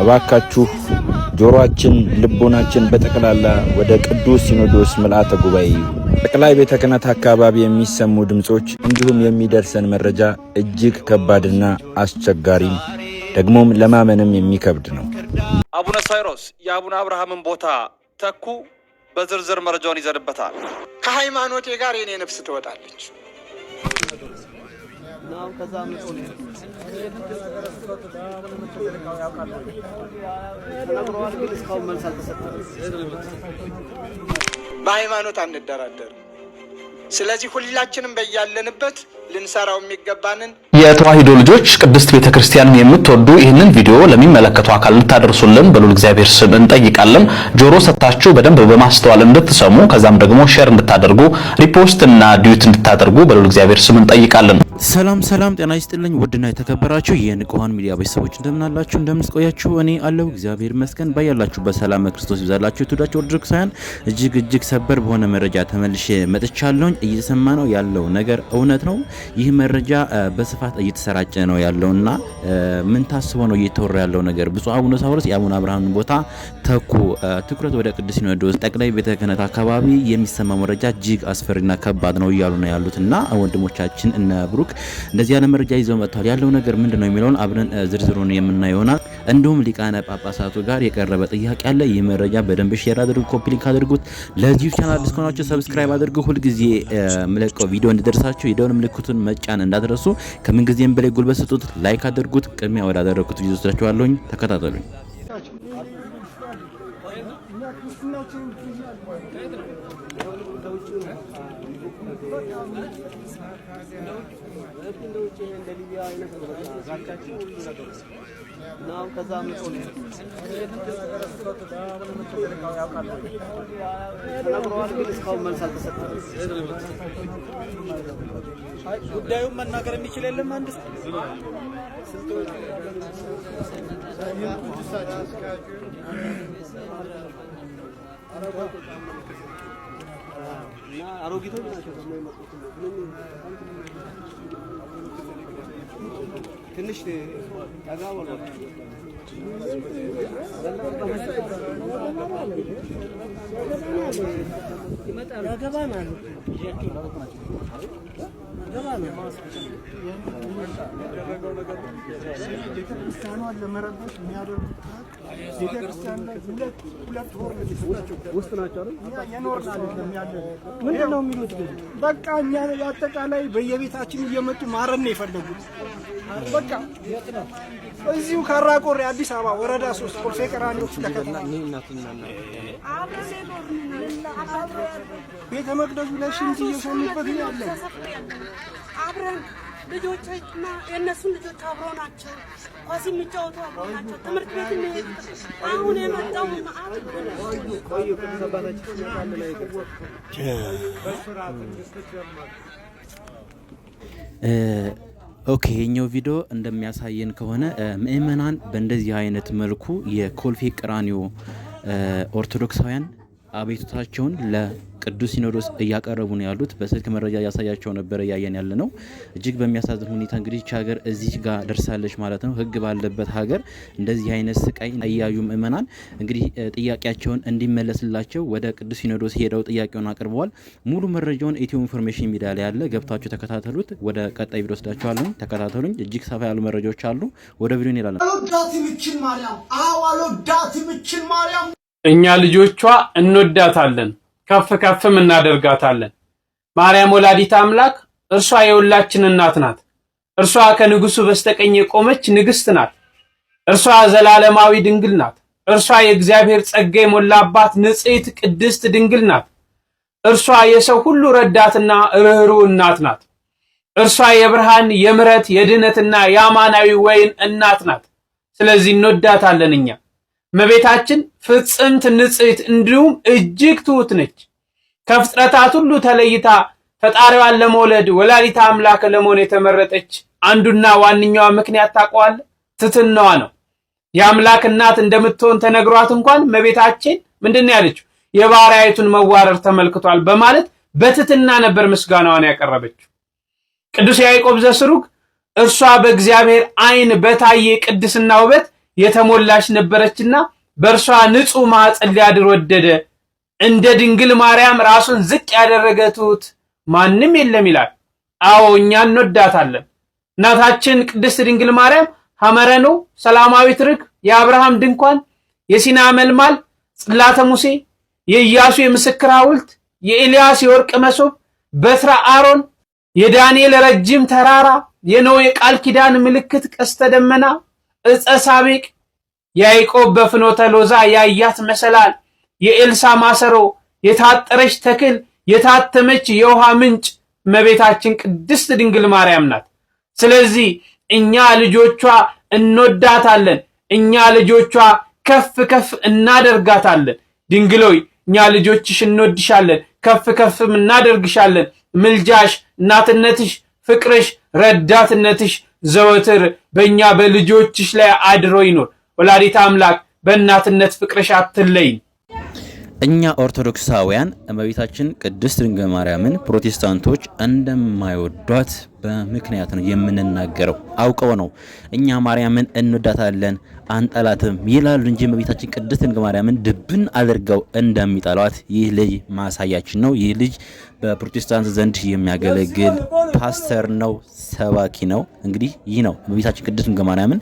እባካችሁ ጆሮአችን፣ ልቦናችን በጠቅላላ ወደ ቅዱስ ሲኖዶስ ምልአተ ጉባኤ ጠቅላይ ቤተ ክህነት አካባቢ የሚሰሙ ድምፆች እንዲሁም የሚደርሰን መረጃ እጅግ ከባድና አስቸጋሪም ደግሞም ለማመንም የሚከብድ ነው። አቡነ ሳይሮስ የአቡነ አብርሃምን ቦታ ተኩ። በዝርዝር መረጃውን ይዘንበታል። ከሃይማኖቴ ጋር የኔ ነፍስ ትወጣለች። በሃይማኖት አንደራደርም። ስለዚህ ሁላችንም በያለንበት ልንሰራው የሚገባንን የተዋሂዶ ልጆች ቅድስት ቤተ ክርስቲያንን የምትወዱ ይህንን ቪዲዮ ለሚመለከቱ አካል እንድታደርሱልን በሉል እግዚአብሔር ስም እንጠይቃለን። ጆሮ ሰጥታችሁ በደንብ በማስተዋል እንድትሰሙ ከዛም ደግሞ ሼር እንድታደርጉ ሪፖስት እና ዲዩት እንድታደርጉ በሉል እግዚአብሔር ስም እንጠይቃለን። ሰላም ሰላም፣ ጤና ይስጥልኝ ውድና የተከበራችሁ የንቁሃን ሚዲያ ቤተሰቦች እንደምናላችሁ፣ እንደምንስቆያችሁ እኔ አለሁ እግዚአብሔር ይመስገን። ባያላችሁ በሰላም ክርስቶስ ይብዛላችሁ። ትውዳችሁ ኦርቶዶክሳውያን እጅግ እጅግ ሰበር በሆነ መረጃ ተመልሼ መጥቻለሁኝ። እየተሰማ ነው ያለው ነገር እውነት ነው። ይህ መረጃ በስፋት እየተሰራጨ ነው ያለውና ምን ታስቦ ነው እየተወራ ያለው ነገር? ብፁዕ አቡነ ሳውረስ የአቡነ አብርሃምን ቦታ ተኩ። ትኩረት ወደ ቅዱስ ሲኖዶስ ጠቅላይ ቤተ ክህነት አካባቢ የሚሰማ መረጃ እጅግ አስፈሪና ከባድ ነው እያሉ ነው ያሉት እና ወንድሞቻችን እነ ብሩክ እንደዚህ ያለ መረጃ ይዘው መጥተዋል። ያለው ነገር ምንድን ነው የሚለውን አብረን ዝርዝሩን የምናየሆናል። እንዲሁም ሊቃነ ጳጳሳቱ ጋር የቀረበ ጥያቄ አለ። ይህ መረጃ በደንብ ሼር አድርጉ፣ ኮፒ ሊንክ አድርጉት። ለዚህ ቻናል አዲስ ከሆናችሁ ሰብስክራይብ አድርጉ። ሁልጊዜ ምለቀው ቪዲዮ እንዲደርሳችሁ የደወል ምልክቱን መጫን እንዳትረሱ። ከምንጊዜም በላይ ጉልበት ስጡት፣ ላይክ አድርጉት። ቅድሚያ ወዳደረግኩት ቪዲዮ ስዳችኋለሁኝ። ተከታተሉኝ። እንደ ሊቢያ አይነት ነው። በቃ ዛቻቸው ሁሉ ነገር እና ከዛ መጥቶ ነው ግን እስካሁን መልስ አልተሰጠም። ጉዳዩን መናገር የሚችል የለም አንድ አሮጊቶች ናቸው ደግሞ የመጡት తినిష్టి కదా వాళ్ళు ይመጣሉ ያገባናል የሚደረገው ነገር ቤተክርስቲያኗን ለመረበሽ የሚያደርጉት ቤተክርስቲያን ላይ ሁለት ሁለት ሆር ውስጥ ናቸው። የኖር አይደለም ያለ ምንድን ነው የሚሉት? በቃ እኛ አጠቃላይ በየቤታችን እየመጡ ማረን ነው የፈለጉት። በቃ እዚሁ ካራቆሬ አዲስ አበባ ወረዳ ሶስት ቆርሴ ቀራኒዎች ተከታ ቤተ መቅደሱ ላይ ሽንት እየሸኑበት ያለ አብረን ልጆችና የእነሱን ልጆች አብሮ ናቸው። ኳስ የሚጫወቱ አብሮ ናቸው። ትምህርት ቤት አሁን የመጣው ኦኬ የኛው ቪዲዮ እንደሚያሳየን ከሆነ ምእመናን በእንደዚህ አይነት መልኩ የኮልፌ ቀራኒዮ ኦርቶዶክሳውያን አቤቱታቸውን ለቅዱስ ሲኖዶስ እያቀረቡ ነው ያሉት። በስልክ መረጃ እያሳያቸው ነበረ እያየን ያለ ነው። እጅግ በሚያሳዝን ሁኔታ እንግዲህ ይች ሀገር እዚህ ጋር ደርሳለች ማለት ነው። ህግ ባለበት ሀገር እንደዚህ አይነት ስቃይ እያዩ ምእመናን እንግዲህ ጥያቄያቸውን እንዲመለስላቸው ወደ ቅዱስ ሲኖዶስ ሄደው ጥያቄውን አቅርበዋል። ሙሉ መረጃውን ኢትዮ ኢንፎርሜሽን ሚዲያ ላይ ያለ ገብታችሁ ተከታተሉት። ወደ ቀጣይ ቪዲዮ ወስዳችኋለሁ። ተከታተሉኝ። እጅግ ሰፋ ያሉ መረጃዎች አሉ። ወደ ቪዲዮ እንሄዳለን። ማርያም፣ አዎ ማርያም እኛ ልጆቿ እንወዳታለን፣ ከፍ ከፍም እናደርጋታለን። ማርያም ወላዲት አምላክ እርሷ የሁላችን እናት ናት። እርሷ ከንጉሱ በስተቀኝ የቆመች ንግስት ናት። እርሷ ዘላለማዊ ድንግል ናት። እርሷ የእግዚአብሔር ጸጋ የሞላባት ንጽሕት ቅድስት ድንግል ናት። እርሷ የሰው ሁሉ ረዳትና ርኅሩኅ እናት ናት። እርሷ የብርሃን የምሕረት የድኅነትና የአማናዊ ወይን እናት ናት። ስለዚህ እንወዳታለን እኛ እመቤታችን ፍጽምት ንጽሕት እንዲሁም እጅግ ትሑት ነች። ከፍጥረታት ሁሉ ተለይታ ፈጣሪዋን ለመውለድ ወላዲተ አምላክ ለመሆን የተመረጠች አንዱና ዋነኛዋ ምክንያት ታውቀዋል፣ ትሕትናዋ ነው። የአምላክ እናት እንደምትሆን ተነግሯት እንኳን እመቤታችን ምንድን ነው ያለችው? የባሪያይቱን መዋረር ተመልክቷል በማለት በትሕትና ነበር ምስጋናዋን ያቀረበችው። ቅዱስ ያዕቆብ ዘስሩግ እርሷ በእግዚአብሔር ዓይን በታየ ቅድስና ውበት የተሞላች ነበረችና በእርሷ ንጹህ ማኅፀን ሊያድር ወደደ። እንደ ድንግል ማርያም ራሱን ዝቅ ያደረገ ትሑት ማንም የለም ይላል። አዎ እኛ እንወዳታለን። እናታችን ቅድስት ድንግል ማርያም ሐመረኖ፣ ሰላማዊት ርግብ፣ የአብርሃም ድንኳን፣ የሲና መልማል፣ ጽላተ ሙሴ፣ የኢያሱ የምስክር ሐውልት፣ የኤልያስ የወርቅ መሶብ፣ በትረ አሮን፣ የዳንኤል ረጅም ተራራ፣ የኖህ የቃል ኪዳን ምልክት ቀስተ ደመና ዕፀ ሳቤቅ፣ ያዕቆብ በፍኖተ ሎዛ ያያት መሰላል፣ የኤልሳ ማሰሮ፣ የታጠረች ተክል፣ የታተመች የውሃ ምንጭ እመቤታችን ቅድስት ድንግል ማርያም ናት። ስለዚህ እኛ ልጆቿ እንወዳታለን፣ እኛ ልጆቿ ከፍ ከፍ እናደርጋታለን። ድንግሎይ እኛ ልጆችሽ እንወድሻለን፣ ከፍ ከፍም እናደርግሻለን። ምልጃሽ፣ እናትነትሽ፣ ፍቅርሽ፣ ረዳትነትሽ ዘወትር በእኛ በልጆችሽ ላይ አድሮ ይኖር። ወላዲት አምላክ በእናትነት ፍቅርሽ አትለይን። እኛ ኦርቶዶክሳውያን እመቤታችን ቅድስት ድንግል ማርያምን ፕሮቴስታንቶች እንደማይወዷት በምክንያት ነው የምንናገረው። አውቀው ነው እኛ ማርያምን እንወዳታለን አንጠላትም ይላሉ እንጂ እመቤታችን ቅድስት ድንግል ማርያምን ድብን አድርገው እንደሚጠሏት ይህ ልጅ ማሳያችን ነው። ይህ ልጅ በፕሮቴስታንት ዘንድ የሚያገለግል ፓስተር ነው። ሰባኪ ነው። እንግዲህ ይህ ነው እመቤታችን ቅድስት ድንግል ማርያምን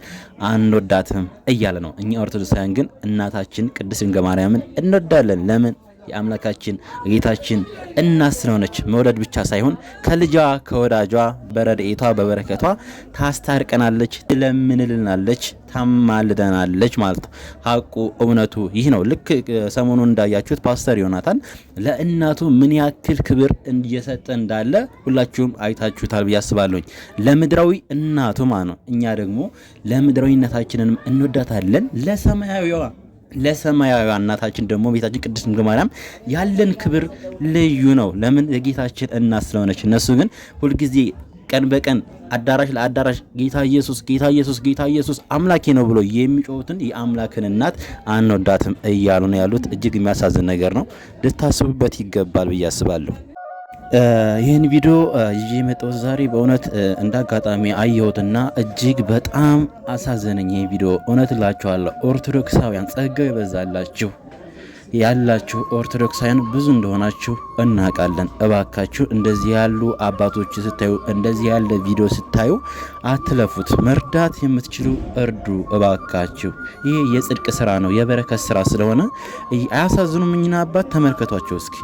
አንወዳትም እያለ ነው። እኛ ኦርቶዶክሳውያን ግን እናታችን ቅድስት ድንግል ማርያምን እንወዳለን። ለምን? የአምላካችን ጌታችን እናት ስለሆነች መውለድ ብቻ ሳይሆን ከልጇ ከወዳጇ በረድኤቷ በበረከቷ ታስታርቀናለች፣ ትለምንልናለች፣ ታማልደናለች ማለት ነው። ሀቁ እውነቱ ይህ ነው። ልክ ሰሞኑን እንዳያችሁት ፓስተር ዮናታን ለእናቱ ምን ያክል ክብር እየሰጠ እንዳለ ሁላችሁም አይታችሁታል ብዬ አስባለሁኝ። ለምድራዊ እናቱ ማ ነው። እኛ ደግሞ ለምድራዊነታችንንም እንወዳታለን ለሰማያዊዋ ለሰማያዊ እናታችን ደግሞ ቤታችን ቅድስት ድንግል ማርያም ያለን ክብር ልዩ ነው። ለምን? የጌታችን እናት ስለሆነች። እነሱ ግን ሁልጊዜ ቀን በቀን አዳራሽ ለአዳራሽ ጌታ ኢየሱስ ጌታ ኢየሱስ ጌታ ኢየሱስ አምላኬ ነው ብሎ የሚጮሁትን የአምላክን እናት አንወዳትም እያሉ ነው ያሉት። እጅግ የሚያሳዝን ነገር ነው። ልታስቡበት ይገባል ብዬ አስባለሁ። ይህን ቪዲዮ ይዤ የመጣሁት ዛሬ በእውነት እንዳጋጣሚ አየሁትና እጅግ በጣም አሳዘነኝ። ይህ ቪዲዮ እውነት እላችኋለሁ፣ ኦርቶዶክሳውያን ጸጋው ይበዛላችሁ ያላችሁ ኦርቶዶክሳውያን ብዙ እንደሆናችሁ እናውቃለን። እባካችሁ እንደዚህ ያሉ አባቶች ስታዩ፣ እንደዚህ ያለ ቪዲዮ ስታዩ አትለፉት። መርዳት የምትችሉ እርዱ እባካችሁ። ይህ የጽድቅ ስራ ነው፣ የበረከት ስራ ስለሆነ አያሳዝኑም። እኝና አባት ተመልከቷቸው እስኪ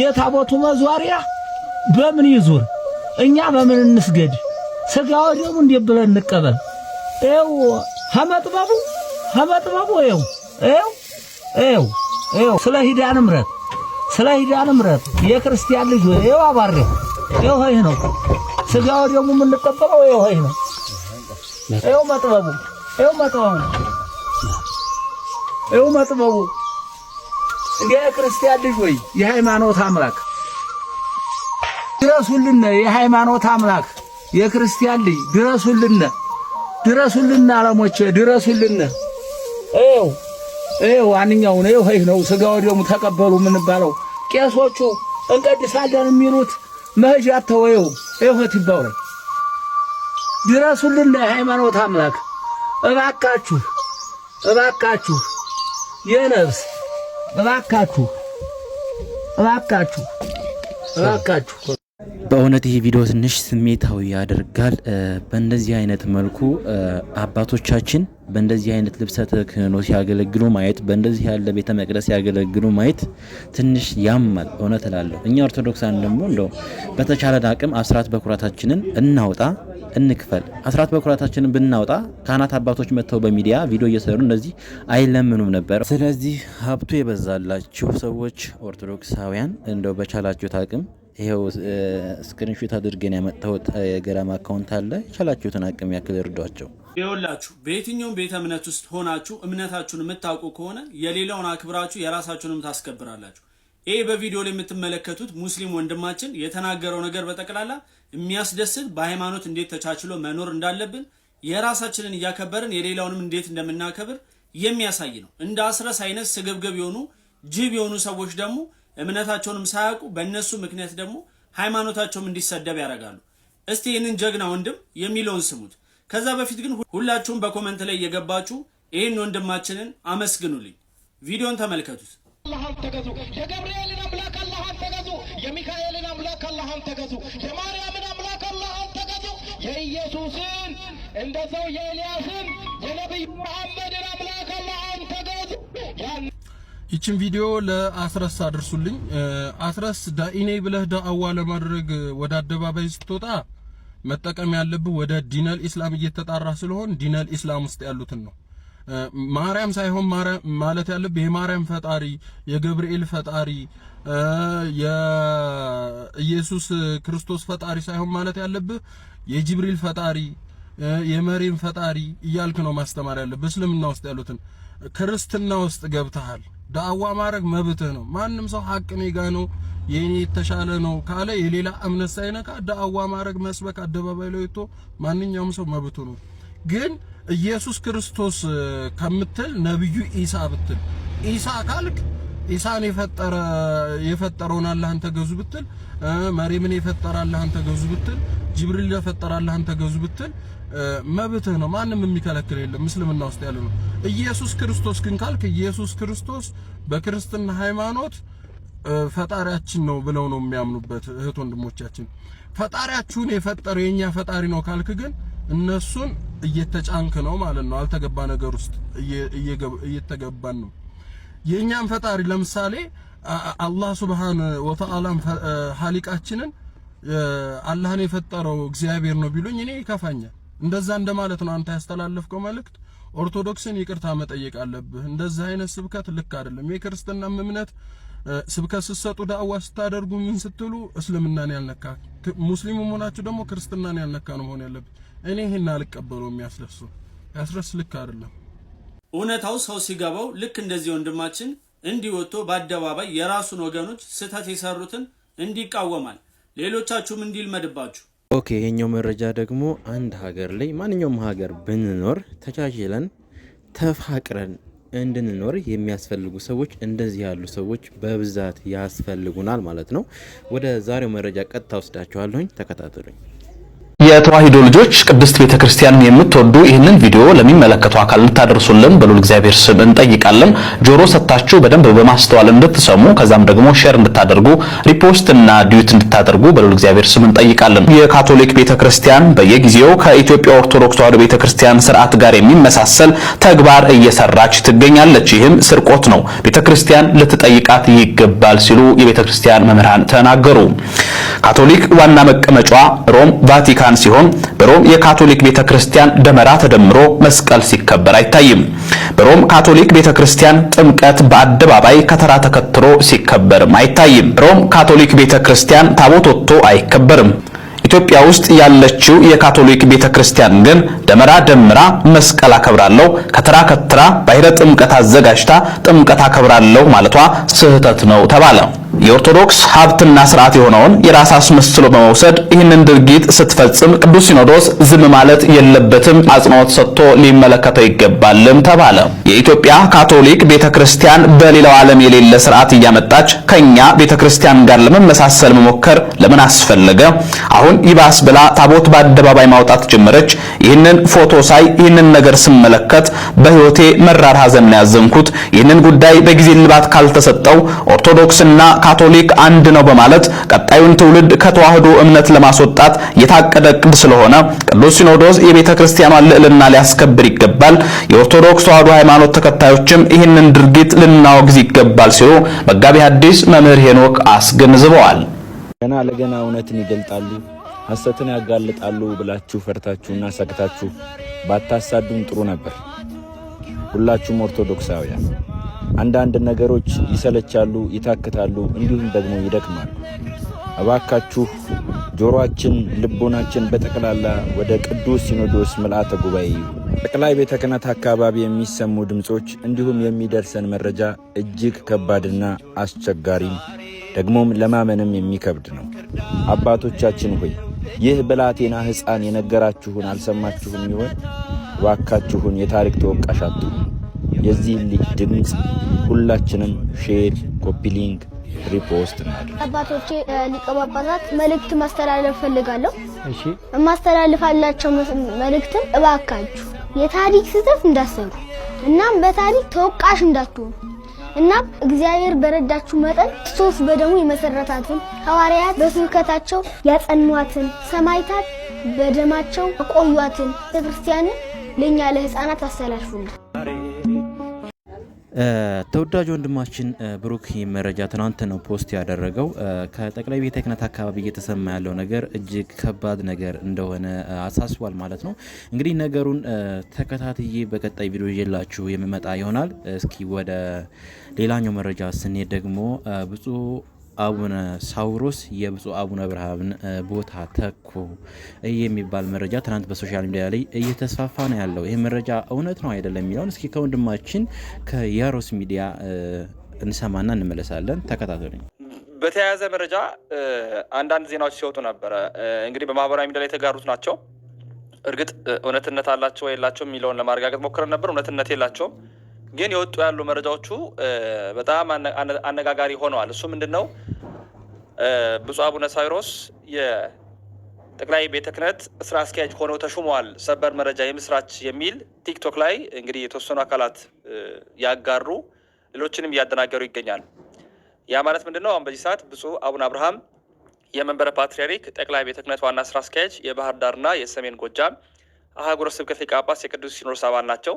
የታቦቱ መዟሪያ በምን ይዙር? እኛ በምን እንስገድ? ስጋው ደግሞ እንዴት ብለን እንቀበል? ኤው ሀመጥበቡ ሀመጥበቡ ኤው ኤው ኤው ኤው ስለ ሂዳን ምረት ስለ ሂዳን ምረት የክርስቲያን ልጅ ወይ ኤው አባሬ ኤው ሆይ ነው ስጋው ደግሞ የምንቀበለው ኤው ሆይ ነው ኤው መጥበቡ ኤው መጥበቡ ኤው መጥበቡ እንደ ክርስቲያን ልጅ ወይ የሃይማኖት አምላክ ድረሱልነ፣ የሃይማኖት አምላክ የክርስቲያን ልጅ ድረሱልነ፣ ድረሱልነ፣ አለሞቼ ድረሱልነ። ይኸው ይኸው ዋንኛውን ነው ይህ ነው ስጋው ደሙ ተቀበሉ ምን ባለው ቄሶቹ እንቀድሳለን የሚሉት መሄጃ አተው ይኸው ይኸት ድረሱልነ፣ የሃይማኖት አምላክ እባካችሁ፣ እባካችሁ የነፍስ እባካችሁ እባካችሁ እባካችሁ። በእውነት ይህ ቪዲዮ ትንሽ ስሜታዊ ያደርጋል። በእንደዚህ አይነት መልኩ አባቶቻችን በእንደዚህ አይነት ልብሰ ተክህኖ ሲያገለግሉ ማየት፣ በእንደዚህ ያለ ቤተ መቅደስ ሲያገለግሉ ማየት ትንሽ ያማል። እውነት እላለሁ። እኛ ኦርቶዶክሳን ደግሞ እንደው በተቻለን አቅም አስራት በኩራታችንን እናውጣ እንክፈል፣ አስራት በኩራታችንን ብናወጣ ካህናት አባቶች መጥተው በሚዲያ ቪዲዮ እየሰሩ እነዚህ አይለምኑም ነበር። ስለዚህ ሀብቱ የበዛላችሁ ሰዎች ኦርቶዶክሳውያን እንደው በቻላችሁት አቅም ይኸው ስክሪንሾት አድርገን ያመጣሁት የገራም አካውንት አለ። የቻላችሁትን አቅም ያክል እርዷቸው። ይኸውላችሁ በየትኛውም ቤተ እምነት ውስጥ ሆናችሁ እምነታችሁን የምታውቁ ከሆነ የሌላውን አክብራችሁ የራሳችሁንም ታስከብራላችሁ። ይህ በቪዲዮ ላይ የምትመለከቱት ሙስሊም ወንድማችን የተናገረው ነገር በጠቅላላ የሚያስደስት በሃይማኖት እንዴት ተቻችሎ መኖር እንዳለብን የራሳችንን እያከበርን የሌላውንም እንዴት እንደምናከብር የሚያሳይ ነው። እንደ አስረስ አይነት ስግብግብ የሆኑ ጅብ የሆኑ ሰዎች ደግሞ እምነታቸውንም ሳያውቁ በእነሱ ምክንያት ደግሞ ሃይማኖታቸውም እንዲሰደብ ያደርጋሉ። እስቲ ይህንን ጀግና ወንድም የሚለውን ስሙት። ከዛ በፊት ግን ሁላችሁም በኮመንት ላይ እየገባችሁ ይህን ወንድማችንን አመስግኑልኝ። ቪዲዮን ተመልከቱት። አላህን ተገዙ። የገብርኤልን አምላክ አላህን ተገዙ። የሚካኤልን አምላክ አላህን ተገዙ። የማርያምን አምላክ አላህን ተገዙ። የኢየሱስን እንደሰው የኤልያስን የነቢዩ መሐመድን አምላክ አላህን ተገዙ። ይችን ቪዲዮ ለአስረስ አድርሱልኝ። አስረስ ዳኢኔ ብለህ ዳአዋ ለማድረግ ወደ አደባባይ ስትወጣ መጠቀም ያለብህ ወደ ዲነል ኢስላም እየተጣራ ስለሆን ዲነል ኢስላም ውስጥ ያሉትን ነው። ማርያም ሳይሆን ማለት ያለብህ የማርያም ፈጣሪ፣ የገብርኤል ፈጣሪ፣ የኢየሱስ ክርስቶስ ፈጣሪ ሳይሆን ማለት ያለብህ የጅብሪል ፈጣሪ፣ የመሪም ፈጣሪ እያልክ ነው ማስተማር ያለብህ። እስልምና ውስጥ ያሉትን ክርስትና ውስጥ ገብተሃል። ዳዕዋ ማድረግ መብትህ ነው። ማንም ሰው ሀቅ እኔ ጋ ነው የኔ የተሻለ ነው ካለ የሌላ እምነት ሳይነካ ዳዕዋ ማድረግ መስበክ አደባባይ ላይ ወጥቶ ማንኛውም ሰው መብቱ ነው። ግን ኢየሱስ ክርስቶስ ከምትል ነብዩ ኢሳ ብትል ኢሳ ካልክ ኢሳን የፈጠረ የፈጠረውን አላህን ተገዙ ብትል መሪምን የፈጠረ አላህን ተገዙ ብትል ጅብሪል የፈጠረ አላህን ተገዙ ብትል መብትህ ነው። ማንም የሚከለክል የለም። እስልምና ውስጥ ያለ ነው። ኢየሱስ ክርስቶስ ግን ካልክ ኢየሱስ ክርስቶስ በክርስትና ሃይማኖት ፈጣሪያችን ነው ብለው ነው የሚያምኑበት። እህት ወንድሞቻችን ፈጣሪያችሁን የፈጠረ የኛ ፈጣሪ ነው ካልክ ግን እነሱን እየተጫንክ ነው ማለት ነው። አልተገባ ነገር ውስጥ እየተገባን ነው። የእኛም ፈጣሪ ለምሳሌ አላህ ሱብሃነ ወተዓላም ሀሊቃችንን አላህን የፈጠረው እግዚአብሔር ነው ቢሉኝ እኔ ይከፋኛል። እንደዛ እንደማለት ነው አንተ ያስተላለፍከው መልእክት። ኦርቶዶክስን ይቅርታ መጠየቅ አለብህ። እንደዛ አይነት ስብከት ልክ አይደለም። የክርስትና እምነት ስብከት ስትሰጡ፣ ዳዕዋ ስታደርጉ፣ ምን ስትሉ እስልምናን ያልነካ ሙስሊሙ መሆናችሁ ደግሞ ክርስትናን ያልነካ ነው መሆን ያለበት። እኔ ይሄን አልቀበለው። የሚያስረሱ ያስረስ ልክ አይደለም። እውነታው ሰው ሲገባው ልክ እንደዚህ ወንድማችን እንዲወጥቶ በአደባባይ የራሱን ወገኖች ስህተት የሰሩትን እንዲቃወማል። ሌሎቻችሁም እንዲልመድባችሁ። ኦኬ ይሄኛው መረጃ ደግሞ አንድ ሀገር ላይ ማንኛውም ሀገር ብንኖር ተቻችለን ተፋቅረን እንድንኖር የሚያስፈልጉ ሰዎች እንደዚህ ያሉ ሰዎች በብዛት ያስፈልጉናል ማለት ነው። ወደ ዛሬው መረጃ ቀጥታ ወስዳችኋለሁኝ። ተከታተሉኝ። የተዋሂዶ ልጆች ቅድስት ቤተ ክርስቲያንን የምትወዱ ይህንን ቪዲዮ ለሚመለከቱ አካል እንድታደርሱልን በሉል እግዚአብሔር ስም እንጠይቃለን። ጆሮ ሰጥታችሁ በደንብ በማስተዋል እንድትሰሙ ከዛም ደግሞ ሼር እንድታደርጉ ሪፖስት እና ዲዩት እንድታደርጉ በሉል እግዚአብሔር ስም እንጠይቃለን። የካቶሊክ ቤተ ክርስቲያን በየጊዜው ከኢትዮጵያ ኦርቶዶክስ ተዋሕዶ ቤተ ክርስቲያን ስርዓት ጋር የሚመሳሰል ተግባር እየሰራች ትገኛለች። ይህም ስርቆት ነው፣ ቤተ ክርስቲያን ልትጠይቃት ይገባል ሲሉ የቤተ ክርስቲያን መምህራን ተናገሩ። ካቶሊክ ዋና መቀመጫ ሮም ቫቲካን መምህራን ሲሆን በሮም የካቶሊክ ቤተ ክርስቲያን ደመራ ተደምሮ መስቀል ሲከበር አይታይም። በሮም ካቶሊክ ቤተ ክርስቲያን ጥምቀት በአደባባይ ከተራ ተከትሎ ሲከበርም አይታይም። በሮም ካቶሊክ ቤተ ክርስቲያን ታቦት ወጥቶ አይከበርም። ኢትዮጵያ ውስጥ ያለችው የካቶሊክ ቤተ ክርስቲያን ግን ደመራ ደምራ መስቀል አከብራለሁ ከተራ ከተራ ባሕረ ጥምቀት አዘጋጅታ ጥምቀት አከብራለሁ ማለቷ ስህተት ነው ተባለ። የኦርቶዶክስ ሀብትና ስርዓት የሆነውን የራስ አስመስሎ በመውሰድ ይህንን ድርጊት ስትፈጽም ቅዱስ ሲኖዶስ ዝም ማለት የለበትም፣ አጽንኦት ሰጥቶ ሊመለከተው ይገባልም ተባለ። የኢትዮጵያ ካቶሊክ ቤተክርስቲያን በሌላው ዓለም የሌለ ስርዓት እያመጣች ከኛ ቤተክርስቲያን ጋር ለመመሳሰል መሞከር ለምን አስፈለገ? አሁን ይባስ ብላ ታቦት በአደባባይ ማውጣት ጀመረች። ይህንን ፎቶ ሳይ ይህንን ነገር ስመለከት በህይወቴ መራር ሐዘን ያዘንኩት። ይህንን ጉዳይ በጊዜ ልባት ካልተሰጠው ኦርቶዶክስና ካቶሊክ አንድ ነው በማለት ቀጣዩን ትውልድ ከተዋህዶ እምነት ለማስወጣት የታቀደ እቅድ ስለሆነ ቅዱስ ሲኖዶስ የቤተ ክርስቲያኗን ልዕልና ሊያስከብር ይገባል። የኦርቶዶክስ ተዋህዶ ሃይማኖት ተከታዮችም ይህንን ድርጊት ልናወግዝ ይገባል ሲሉ መጋቢ ሐዲስ መምህር ሄኖክ አስገንዝበዋል። ገና ለገና እውነትን ይገልጣሉ። ሐሰትን ያጋልጣሉ ብላችሁ ፈርታችሁና ሰግታችሁ ባታሳዱን ጥሩ ነበር። ሁላችሁም ኦርቶዶክሳውያን አንዳንድ ነገሮች ይሰለቻሉ፣ ይታክታሉ፣ እንዲሁም ደግሞ ይደክማሉ። እባካችሁ ጆሮአችን፣ ልቦናችን በጠቅላላ ወደ ቅዱስ ሲኖዶስ ምልአተ ጉባኤ ጠቅላይ ቤተ ክህነት አካባቢ የሚሰሙ ድምፆች እንዲሁም የሚደርሰን መረጃ እጅግ ከባድና አስቸጋሪም ደግሞም ለማመንም የሚከብድ ነው። አባቶቻችን ሆይ ይህ ብላቴና ሕፃን የነገራችሁን አልሰማችሁም ይሆን? እባካችሁን የታሪክ ተወቃሽ አትሁኑ። የዚህ ልጅ ድምፅ ሁላችንም ሼር፣ ኮፒሊንግ፣ ሪፖስት እናድርግ። አባቶቼ ሊቀ ጳጳሳት መልእክት ማስተላለፍ ፈልጋለሁ። የማስተላልፋላቸው መልእክትም እባካችሁ የታሪክ ስህተት እንዳሰሩ እናም በታሪክ ተወቃሽ እንዳትሆኑ እናም እግዚአብሔር በረዳችሁ መጠን ክርስቶስ በደሙ የመሰረታትን ሐዋርያት በስብከታቸው ያጸኗትን ሰማይታት በደማቸው አቆዩአትን ቤተ ክርስቲያንን ለእኛ ለሕፃናት አስተላልፉልን። ተወዳጅ ወንድማችን ብሩክ ይህ መረጃ ትናንት ነው ፖስት ያደረገው። ከጠቅላይ ቤተ ክህነት አካባቢ እየተሰማ ያለው ነገር እጅግ ከባድ ነገር እንደሆነ አሳስቧል ማለት ነው። እንግዲህ ነገሩን ተከታትዬ በቀጣይ ቪዲዮ ይዤላችሁ የሚመጣ ይሆናል። እስኪ ወደ ሌላኛው መረጃ ስንሄድ ደግሞ ብፁዕ አቡነ ሳውሮስ የብፁዕ አቡነ አብርሃምን ቦታ ተኩ የሚባል መረጃ ትናንት በሶሻል ሚዲያ ላይ እየተስፋፋ ነው ያለው። ይህ መረጃ እውነት ነው አይደለም የሚለውን እስኪ ከወንድማችን ከያሮስ ሚዲያ እንሰማና እንመለሳለን። ተከታተሉ። በተያያዘ መረጃ አንዳንድ ዜናዎች ሲወጡ ነበረ። እንግዲህ በማህበራዊ ሚዲያ ላይ የተጋሩት ናቸው። እርግጥ እውነትነት አላቸው የላቸውም የሚለውን ለማረጋገጥ ሞክረን ነበር። እውነትነት የላቸውም ግን የወጡ ያሉ መረጃዎቹ በጣም አነጋጋሪ ሆነዋል። እሱ ምንድን ነው? ብፁዕ አቡነ ሳዊሮስ የጠቅላይ ቤተ ክህነት ስራ አስኪያጅ ሆነው ተሹመዋል። ሰበር መረጃ የምስራች የሚል ቲክቶክ ላይ እንግዲህ የተወሰኑ አካላት ያጋሩ፣ ሌሎችንም እያደናገሩ ይገኛል። ያ ማለት ምንድን ነው? አሁን በዚህ ሰዓት ብፁዕ አቡነ አብርሃም የመንበረ ፓትርያርክ ጠቅላይ ቤተ ክህነት ዋና ስራ አስኪያጅ፣ የባህር ዳርና የሰሜን ጎጃም አህጉረ ስብከት ሊቀ ጳጳስ፣ የቅዱስ ሲኖዶስ አባል ናቸው።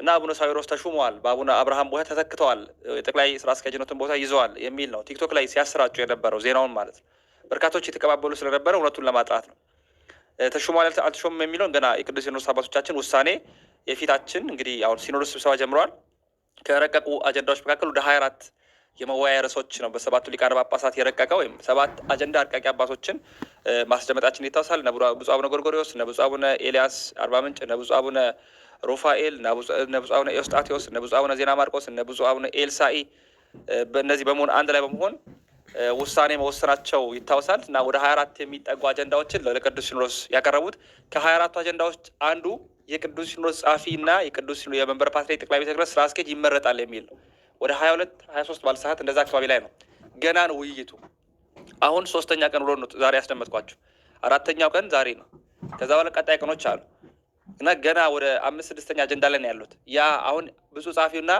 እና አቡነ ሳዊሮስ ተሹመዋል፣ በአቡነ አብርሃም ቦታ ተተክተዋል፣ የጠቅላይ ስራ አስኪያጅነትን ቦታ ይዘዋል የሚል ነው ቲክቶክ ላይ ሲያሰራጩ የነበረው ዜናውን ማለት ነው። በርካቶች የተቀባበሉ ስለነበረ እውነቱን ለማጥራት ነው። ተሹመዋል አልተሾምም የሚለውን ገና የቅዱስ ሲኖዶስ አባቶቻችን ውሳኔ የፊታችን እንግዲህ አሁን ሲኖዶስ ስብሰባ ጀምረዋል። ከረቀቁ አጀንዳዎች መካከል ወደ ሀያ አራት የመወያያ ርዕሶች ነው በሰባቱ ሊቃነ ጳጳሳት የረቀቀ ወይም ሰባት አጀንዳ አርቃቂ አባቶችን ማስደመጣችን ይታወሳል። ብፁዕ አቡነ ጎርጎሪዎስ፣ ብፁዕ አቡነ ኤልያስ አርባ ምንጭ፣ ብፁዕ አቡነ ሩፋኤል፣ ነብፁ አቡነ ኤዎስጣቴዎስ፣ ነብፁ አቡነ ዜና ማርቆስ፣ ነብፁ አቡነ ኤልሳኢ እነዚህ በመሆን አንድ ላይ በመሆን ውሳኔ መወሰናቸው ይታወሳል እና ወደ ሀያ አራት የሚጠጉ አጀንዳዎችን ለቅዱስ ሲኖዶስ ያቀረቡት ከሀያ አራቱ አጀንዳዎች አንዱ የቅዱስ ሲኖዶስ ጸሐፊ እና የቅዱስ የመንበረ ፓትርያርክ ጠቅላይ ቤተ ክህነት ስራ አስኬጅ ይመረጣል የሚል ነው። ወደ ሀያ ሁለት ሀያ ሶስት ባለ ሰዓት እንደዛ አካባቢ ላይ ነው ገና ነው ውይይቱ። አሁን ሶስተኛ ቀን ውሎ ነው ዛሬ ያስደመጥኳችሁ። አራተኛው ቀን ዛሬ ነው። ከዛ በኋላ ቀጣይ ቀኖች አሉ። እና ገና ወደ አምስት ስድስተኛ አጀንዳ ላይ ነው ያሉት። ያ አሁን ብፁዕ ጸሐፊውና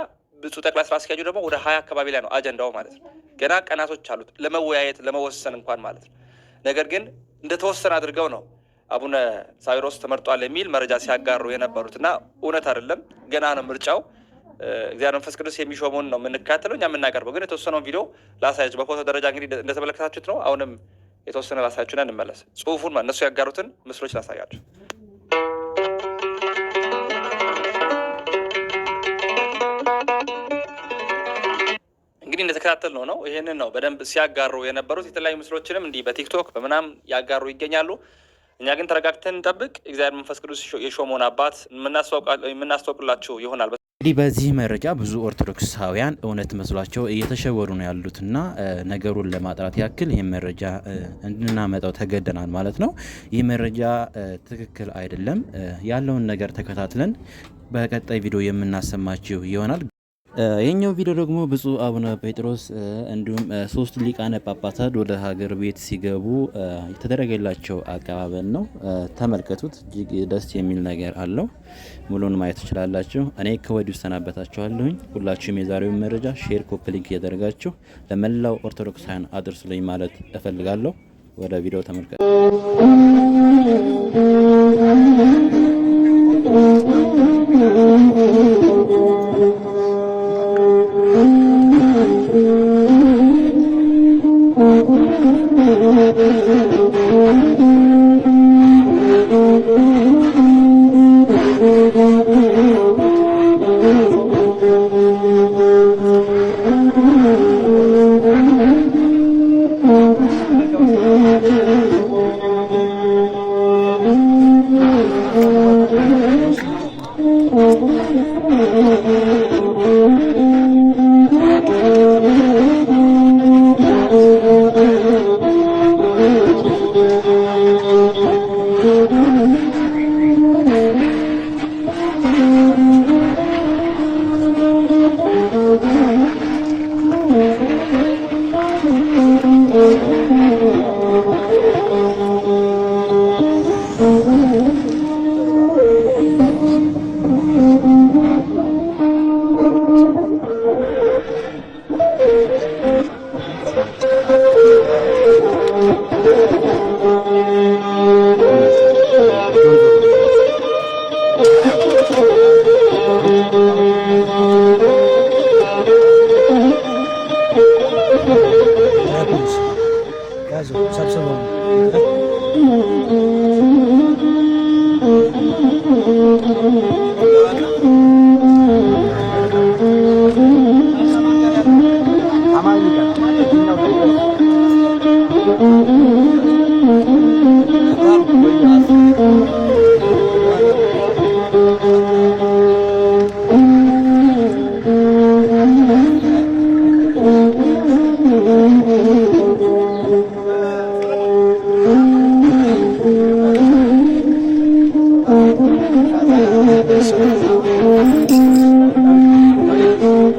ብፁ ጠቅላይ ስራ አስኪያጁ ደግሞ ወደ ሀያ አካባቢ ላይ ነው አጀንዳው ማለት ነው። ገና ቀናቶች አሉት ለመወያየት ለመወሰን እንኳን ማለት ነው። ነገር ግን እንደተወሰነ አድርገው ነው አቡነ ሳዊሮስ ተመርጧል የሚል መረጃ ሲያጋሩ የነበሩት እና እውነት አይደለም። ገና ነው ምርጫው። እግዚአብሔር መንፈስ ቅዱስ የሚሾመውን ነው የምንከታተለው እኛ የምናቀርበው። ግን የተወሰነውን ቪዲዮ ላሳያችሁ። በፎቶ ደረጃ እንግዲህ እንደተመለከታችሁት ነው። አሁንም የተወሰነ ላሳያችሁና እንመለስ። ጽሁፉን እነሱ ያጋሩትን ምስሎች ላሳያችሁ። እንግዲህ እንደተከታተል ነው ነው ይህንን ነው በደንብ ሲያጋሩ የነበሩት የተለያዩ ምስሎችንም እንዲህ በቲክቶክ በምናም ያጋሩ ይገኛሉ። እኛ ግን ተረጋግተን እንጠብቅ። እግዚአብሔር መንፈስ ቅዱስ የሾመውን አባት የምናስታውቅላችሁ ይሆናል። እንግዲህ በዚህ መረጃ ብዙ ኦርቶዶክሳውያን እውነት መስሏቸው እየተሸወሩ ነው ያሉትና ነገሩን ለማጥራት ያክል ይህ መረጃ እንድናመጣው ተገደናል ማለት ነው። ይህ መረጃ ትክክል አይደለም ያለውን ነገር ተከታትለን በቀጣይ ቪዲዮ የምናሰማችሁ ይሆናል። ይህኛው ቪዲዮ ደግሞ ብፁዕ አቡነ ጴጥሮስ እንዲሁም ሶስት ሊቃነ ጳጳሳት ወደ ሀገር ቤት ሲገቡ የተደረገላቸው አቀባበል ነው። ተመልከቱት። እጅግ ደስ የሚል ነገር አለው። ሙሉን ማየት ትችላላችሁ። እኔ ከወዲሁ ሰናበታችኋለሁኝ። ሁላችሁም የዛሬውን መረጃ ሼር፣ ኮፒ ሊንክ እያደረጋችሁ ለመላው ኦርቶዶክሳውያን አድርሱልኝ ማለት እፈልጋለሁ። ወደ ቪዲዮ ተመልከቱ።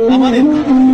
妈妈，你。